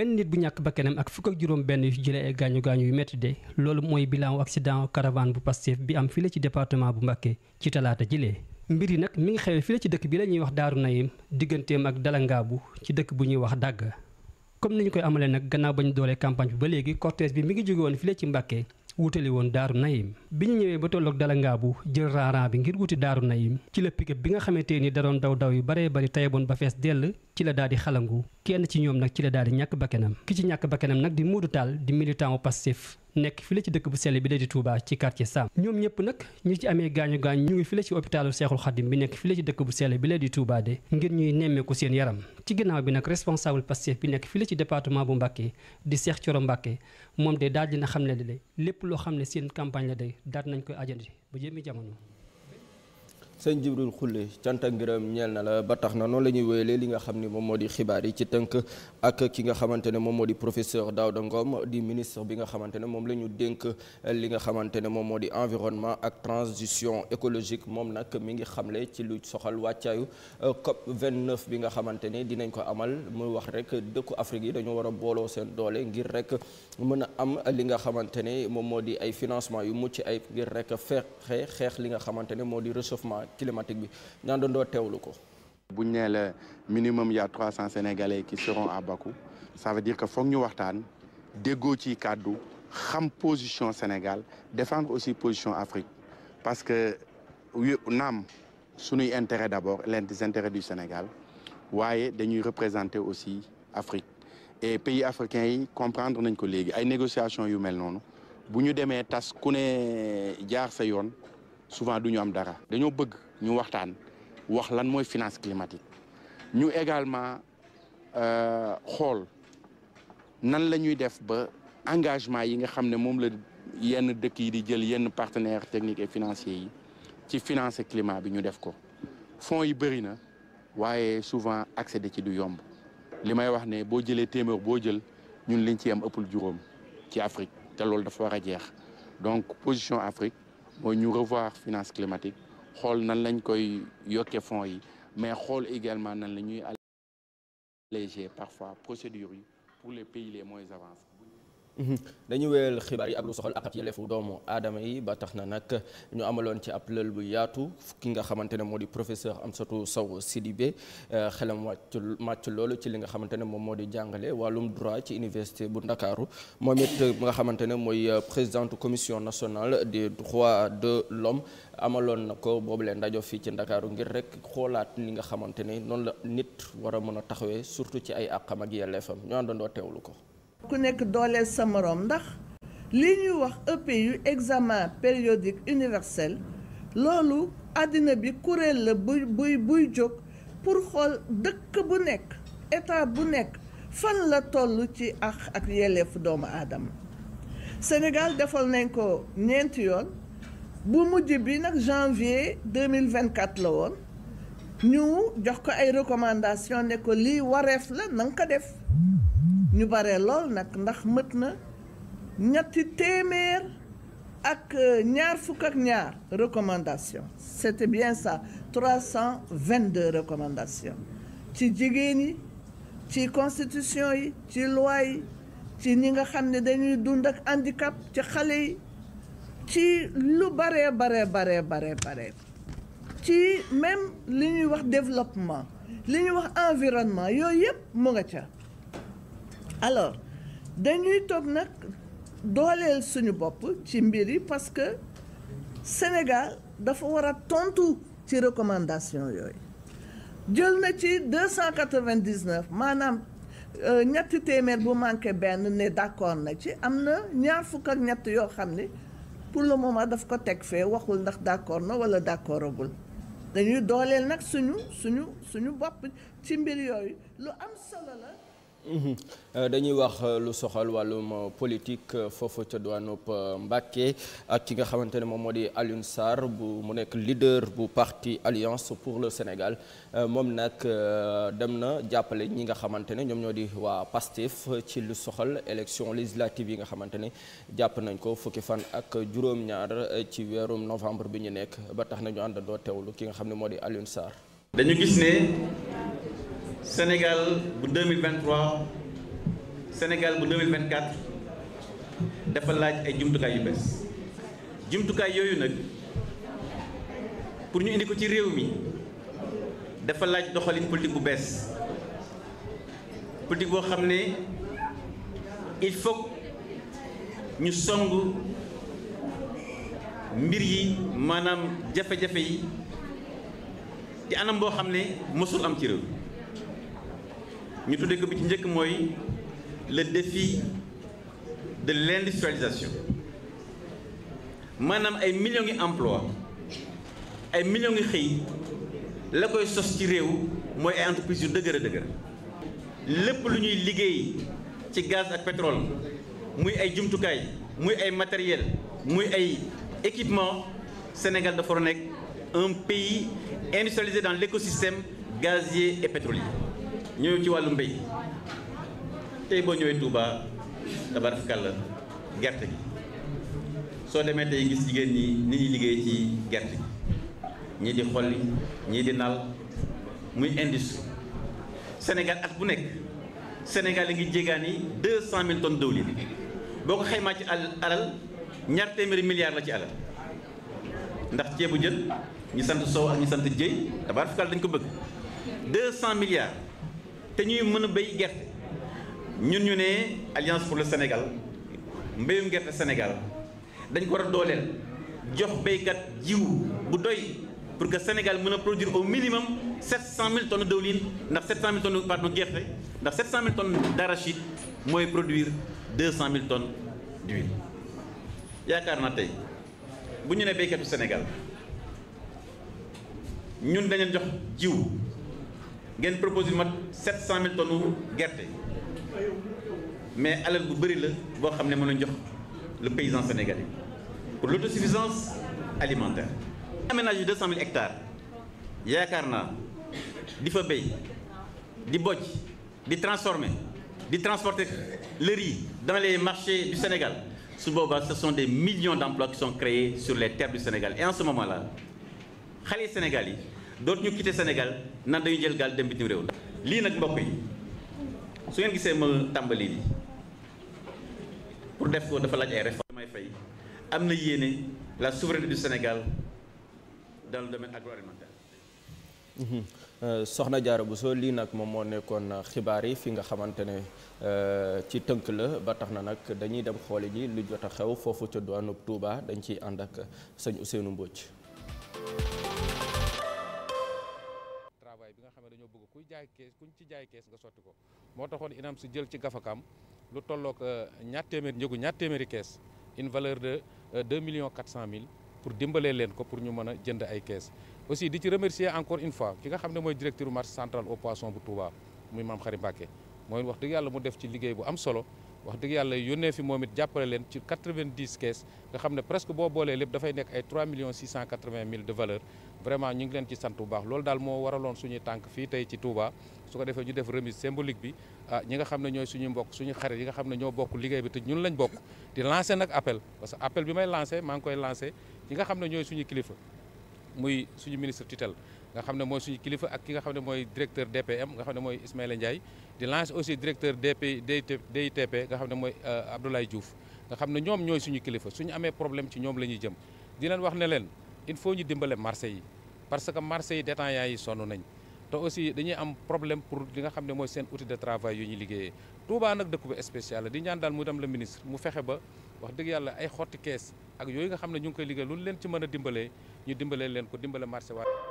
benn nit bu ñàkk bakkanam ak fukk ak juróom benn yu jëlee ay gaañu gaañu yu métti de loolu mooy bilan accident caravane bu Pastef bi am fii la ci département bu Mbacké ci talaata jëlee mbir yi nag mi ngi xewee fii ci dëkk bi la ñuy wax Daaru Nayim digganteem ak Dalangaabu ci dëkk bu ñuy wax Dagg comme ni ñu koy amalee nag gannaaw ba ñu doolee campagne bi ba léegi cortège bi mi ngi jóge woon fii la ci Mbacké wutali woon daaru nayim bi ñu ñëwee ba tolloog dalangaabu jël raaraan bi ngir wuti daaru nayim ci la pick-up bi nga xamante ni da doon daw daw yu baree bari tayaboon ba fees dell ci la daal xalangu kenn ci ñoom nag ci la daal ñàkk bakkanam ki ci ñàkk bakkanam nag di Modou Tall di militant wu nekk file ci dëkk bu sell bi la di Touba ci quartier Sam ñoom ñëpp nag ñi ci amee gaañu gaañu ñu ngi file ci hôpitalu Seexul Xadim bi nekk file ci dëkk bu sell bi la di Touba de ngir ñuy nemmeeku seen yaram ci ginnaaw bi nag responsable Pastef bi nekk file ci département bu Mbacké di Cheikh Thioro Mbacké moom de daal na xam ne de lépp loo xam ne seen campagne la de daal nañ koy ajandi ba jëmmi jamono sëñ Jibril Khoule cant ak ngërëm ñeel na la ba tax na noonu la ñuy wéyalee li nga xam ni moom moo di xibaar yi ci tënk ak ki nga xamante ne moom moo di professeur Daouda Ngom di ministre bi nga xamante ne moom la ñu dénk li nga xamante ne moom moo di environnement ak transition écologique moom nag mi ngi xamle ci lu soxal wàccaayu euh, COP 29 bi nga xamante ne dinañ ko amal muy wax rek dëkku Afrique yi dañu war a booloo seen doole ngir rek mën a am li nga xamante ne moom moo di ay financement yu mucc ay ngir rek fexe xeex li nga xamante ne moo di réchauffement impact climatique bi ñaan doon doo teewlu ko. bu ñu nee la minimum y trois cent sénégalais qui seront à Bakou ça veut dire que foog ñu waxtaan déggoo ci kàddu xam position Sénégal défendre aussi position Afrique parce que naam suñuy intérêt d'abord les intéret du Sénégal waaye dañuy représenter aussi Afrique et pays africains yi comprendre nañ ko léegi ay négociation yu mel noonu bu ñu demee tas ku ne jaar sa yoon souvent du ñu am dara dañoo bëgg ñu waxtaan wax lan mooy finance climatique ñu également euh, xool nan la ñuy def ba engagement yi nga xam ne moom la yenn dëkk yi di jël yenn partenaires techniques et financiers yi ci financer climat bi ñu def ko fonds yi bëri na waaye souvent accéder ci du yomb li may wax ne boo jëlee téeméer boo jël ñun liñ ci am ëppul juróom ci Afrique te loolu dafa war a jeex donc position Afrique mooy ñu revoir finance climatique xool nan lañ koy yokkee fonds yi mais xool également nan la ñuy alléger parfois procédures yi pour les pays les moins avancés dañu wéyal xibaar yi ak lu soxal ak ak yelleefu doomu aadama yi ba tax na nag ñu amaloon ci ab lël bu yaatu ki nga xamante ne moo di professeur Amsatou Sow Sidibé euh, xelam wàcc màcc loolu ci li nga xamante ne moom moo di jàngale wàllum droit ci université bu Ndakaaru moom it euh, nga xamante ne mooy euh, présidente commission nationale des droits de l'homme amaloon na ko boobu leen ndajo fii ci Ndakaaru ngir rek xoolaat li nga xamante ne noonu la nit war a mën a taxawee surtout ci ay àqam ak yelleefam ñu àndandoo teewlu ko ku nekk dooleel sa moroom ndax li ñuy wax ëpp e yu examen périodique universel loolu àddina bi kuréel la buy buy buy jóg pour xool dëkk bu nekk état bu nekk fan la toll ci àq ak yelleefu doomu aadama Sénégal defal nañ ko ñeenti yoon bu mujj bi nag janvier 2024 la woon ñu jox ko ay recommandation ne ko lii wareef la na ko def ñu bare lool nag ndax mët na ñetti téeméer ak euh, ñaar fukk ak ñaar recommandation c'était bien ça 322 recommandations ci jigéen yi ci constitution yi ci loi yi ci ñi nga xam ne dañuy dund ak handicap ci xale yi ci lu bare bare bare bare bare ci même li ñuy wax développement li ñuy wax environnement yooyu yëpp mu nga ca alors dañuy toog nag dooleel suñu bopp ci mbir yi parce que Sénégal dafa war a tontu ci recommandation yooyu jël na ci deux cent quatre-vingt-dix-neuf maanaam euh, ñetti téeméer bu manqué benn ne d'accord na ci am na ñaar fukk ak ñett yoo xam ni pour le moment daf ko teg fee waxul ndax d'accord na wala d'accordagul dañuy dooleel nag suñu suñu suñu bopp ci mbir yooyu lu am solo la Mhm. Euh, dañuy wax euh, lu soxal wàllum euh, politique foofu ca diwaanub Mbàkke ak ki nga xamante ne moom moo di Alioune Sarr bu mu nekk leader bu parti Alliance pour le Sénégal moom nag dem na jàppale ñi nga xamante ne ñoom ñoo di waa PASTEF ci lu soxal élection législative yi nga xamante ne jàpp nañ ko fukki fan ak juróom-ñaar ci weerum novembre bi ñu nekk ba tax na ñu àndandoo teewlu ki nga xam ne moo di Alioune Sarr. dañu gis ne. Sénégal bu 2023 Sénégal bu 2024 dafa laaj ay jumtukaay yu bees jumtukaay yooyu nag pour ñu indi ko ci réew mi dafa laaj doxalin politique bu bees politique boo xam ne il faut ñu song mbir yi maanaam jafe-jafe yi di anam boo xam ne mësul am ci réew ñu tuddee ko bi ci njëkk mooy le défi de l'industrialisation maanaam ay millions ngi emploi ay millions ngi xëy la koy sos ci réew mooy ay entreprises yu dëgër a dëgër lépp lu ñuy liggéey ci gaz ak pétrole muy ay jumtukaay muy ay matériel muy ay équipement Sénégal dafa nekk un pays industrialisé dans l'écosystème gazier et pétrolier ñëw ci wàllu mbéy tey boo ñëwee Touba tabarkalla gerte gi soo demee tey gis jigéen ñi ni ñuy liggéey ci gerte gi ñii di xolli ñii di nal muy industrie Sénégal at bu nekk Sénégal yi ngi jégaan yi deux cent mille tonnes dëwlin boo ko xaymaa ci alal ñaar téeméeri milliards la ci alal ndax ceebu jën ñi sant Sow ak ñi sant Dieye tabarkalla dañ ko bëgg deux cent te ñuy mën a béy gerte ñun ñu ne alliance pour le Sénégal mbéyum gerte Sénégal dañ ko war a dooleel jox béykat jiw bu doy pour que Sénégal mën a produire au minimum 700000 tonnes dëwlin ndax 700000 tonnes pardon gerte ndax 700000 tonnes d'arachide mooy produire 200000 tonnes d'huile yaakaar naa tey bu ñu ne béykatu senegal ñun dañu jox jiw. ngeen proposé mat 700000 tonnes gerte mais alal bu bëri la boo xam ne mën a jox le paysan sénégalais pour l'autosuffisance alimentaire. aménage bi 200000 hectares yaakaar naa di fa béy di bojj di transformer di transporter le yi dans les marchés du Sénégal su boobaa ce sont des millions d'emplois qui son créés sur les terres du Sénégal et en ce moment là xale Sénégal yi. doot ñu quitté Sénégal nan dañu jël gaal dem bitim réew lii nag mbokk yi su ngeen gisee ma tàmbali bi pour def ko dafa laaj ay réformes may am na yéene la souveraineté du Sénégal dans le domaine agroalimentaire mhm. euh, soxna Diarra Bousso lii nag moom moo nekkoon xibaar yi fi nga xamante ne euh, ci tënk la ba tax na nag dañuy dem xoole ji lu jot a xew foofu ca diwaanu Touba dañ ciy ànd ak sëñ Ousseynou Mbodj. kuy jaay kees kuñ ci jaay kees nga sotti ko moo taxoon inam si jël ci gafakaam lu tolloog euh, ñaar téeméer njëgu ñaar téeméeri kees une valeur de 2 euh, millions cent mille pour dimbalee leen ko pour ñu mën a jënd ay kees aussi di ci remercier encore une fois ki nga xam ne mooy directeur marché central au poisson bu Touba muy maam Xari Mbàkke mooy wax dëgg yàlla mu def ci liggéey bu am solo wax dëgg yàlla yónnee fi moom it jàppale leen ci 90 caisses nga xam ne presque boo boolee lépp dafay nekk ay 3 millions 680 mille de valeur vraiment ñu ngi leen ci sant bu baax loolu daal moo waraloon suñuy tànk fii tey ci Touba su ko defee ñu def remise symbolique bi ah ñi nga xam ne ñooy suñu mbokk suñu xarit yi nga xam ne ñoo bokk liggéey bi te ñun lañ bokk di lancé nag appel parce que appel bi may lancé maa koy lancé ñi nga ne ñooy suñu kilifa muy suñu ministre tutelle nga xam ne mooy suñu kilifa ak ki nga xam ne mooy directeur DPM nga xam ne mooy Ismaïla Ndiaye di lancer aussi directeur DP DITP nga xam ne mooy euh, Abdoulaye Diouf nga xam ne ñoom ñooy suñu kilifa suñu amee problème ci ñoom la ñuy jëm di leen wax ne leen il faut ñu dimbale marché yi parce que marché yi détaillants yi sonn nañ te aussi dañuy am problème pour li nga xam ne mooy seen outil de travail yu ñuy liggéeyee Touba nag dëkk bu di ñaan daal mu dem le ministre mu fexe ba wax dëgg yàlla ay xotti kees ak yooyu nga xam ne ñu ngi koy liggéey lu leen ci mën a dimbalee ñu dimbalee leen ko dimbale marché waa